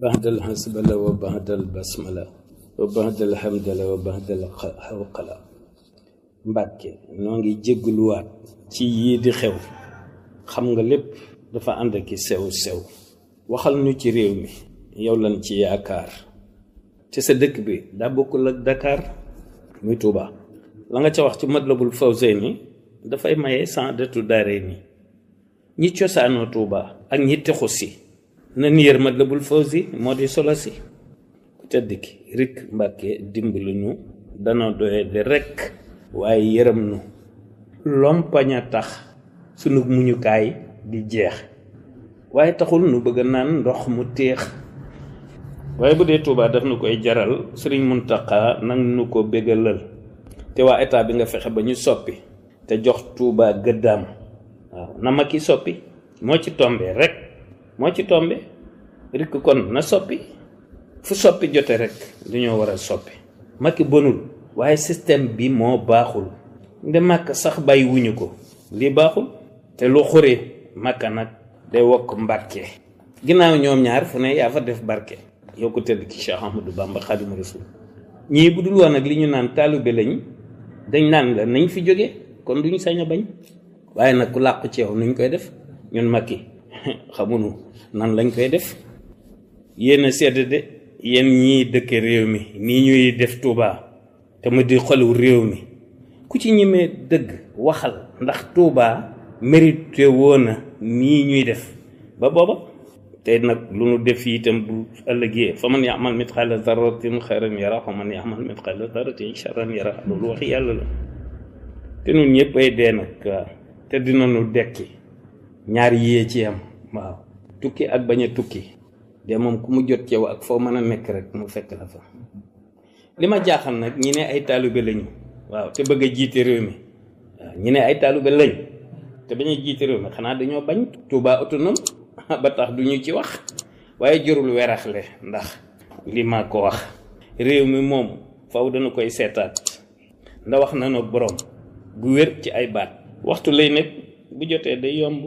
بعد الحسبلة وبعد البسملة وبعد الحمدلة وبعد الحوقلة mbàkke noo ngi jégguluwaat ci yii di xew xam nga lépp dafa ànd ki sew-sew waxal nu ci réew mi yow lan ci yaakaar te sa dëkk bi daa bokkul ak Dakar muy Touba la nga ca wax ci Matlabul Fawzayni dafay maye sans detu daare ni ñi cosaanoo Touba ak ñi texu si nanir madlabul fawzi modi solasi si ku rik mbake dimbali ñu dana doye de rek waye yeram nu lom paña tax sunu kay di jeex waye taxul nu bëgg naan ndox mu teex waye bu dee daf nu koy jaral serigne muntaka nang nu ko bégalal te wa état bi nga fexé ba ñu soppi te jox touba gëddam na ma soppi mo ci tombe rek mo ci tombe rikk kon na soppi fu soppi jote rek ñoo war a soppi Macky bonul waaye système bi moo baaxul nde Makka sax bàyyi ko lii baaxul te lu xure Makka nag day wokk mbarke ginnaaw ñoom ñaar fu ne fa def barke yow ko tëdd ki Cheikh Ahmadou ñii bu dul woon ak li ñu naan taalibe lañ dañ naan la nañ fi jóge kon duñ sañ a bañ waaye nag ku làqu ci yow nuñ koy def ñun Macky xamuñu nan lañ koy def yéen a sedd de yéen ñiy dëkke réew mi ni ñuy def Touba te ma di xolu réew mi ku ci ñemee dëgg waxal ndax Touba mérité woon nii ñuy def ba booba tey nag lu nu def itam bu ëllëgee fa man yaamal mitqaala daratin xayran yara fa man yaamal mitqaala daratin charran yara loolu wax yàlla la te ñun ñëpp dee nag waaw te dinañu dekki ñaar yee ci am waaw tukki ak bañ a tukki de moom ku mu jot ceew ak foo mën a nekk rek mu fekk la fa li ma jaaxal nag ñi ne ay taalibe lañu waaw te bëgg a jiite réew mi waaw ñi ne ay taalibe lañ te bañ a jiite réew mi xanaa dañoo bañ Touba autonome ba tax du ñu ci wax waaye jurul weraxle ndax li ma ko wax réew mi moom faw dañu koy seetaat nda wax na nag borom bu wér ci ay baat waxtu lay nekk bu jotee day yomb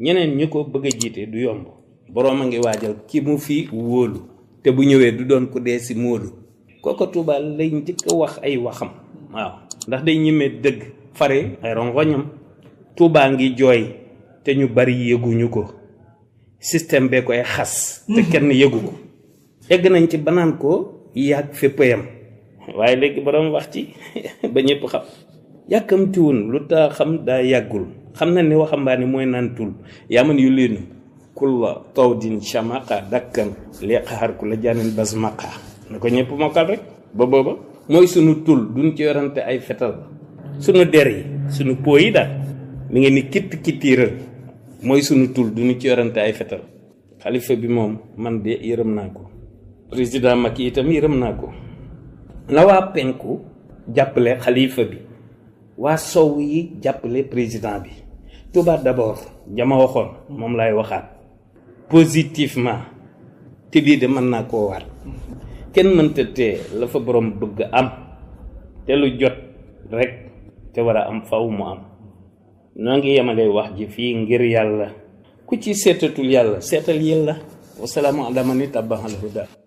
ñeneen ñu ko bëgg a jiite du yomb boroom a ngi waajal ki mu fi wóolu te bu ñëwee du doon ku dee si móolu kooko Touba lay njëkk a wax ay waxam waaw ndax day ñemee dëgg fare ay rongoñam Touba ngi jooy te ñu bari yëguñu ko système bee koy xas te mhm. kenn yëgu ko egg nañ ci banaan ko yàgg fépp yam waaye léegi boroom wax ci ba ñëpp xam yàkkamtiwun lu tax xam daa yàggul xam na ne waxambaane mooy naan tul yaa man yu kulla tawdin shamaqa dakkan liqhar kulla janin bazmaqa nako ñepp mokal rek ba boba moy sunu tul duñ ci yorante ay fetal sunu der yi sunu yi da mi ngi ni kit kitira moy sunu tul duñ ci yorante ay fetal khalifa bi mom man de yeureum nako president Macky itam yeureum nako na wa penku jappale khalifa bi wa sow yi jappale president bi tuba d'abord jama waxon mom lay waxat positivement te bii de mën naa koo war kenn mënta tee la fa borom bëgg am te lu jot rekk te war a am faw mu am noo ngi yemale wax ji fii ngir yàlla ku ci seetatul yàlla seetal yàlla wasalaamu ala ni ittabaal huda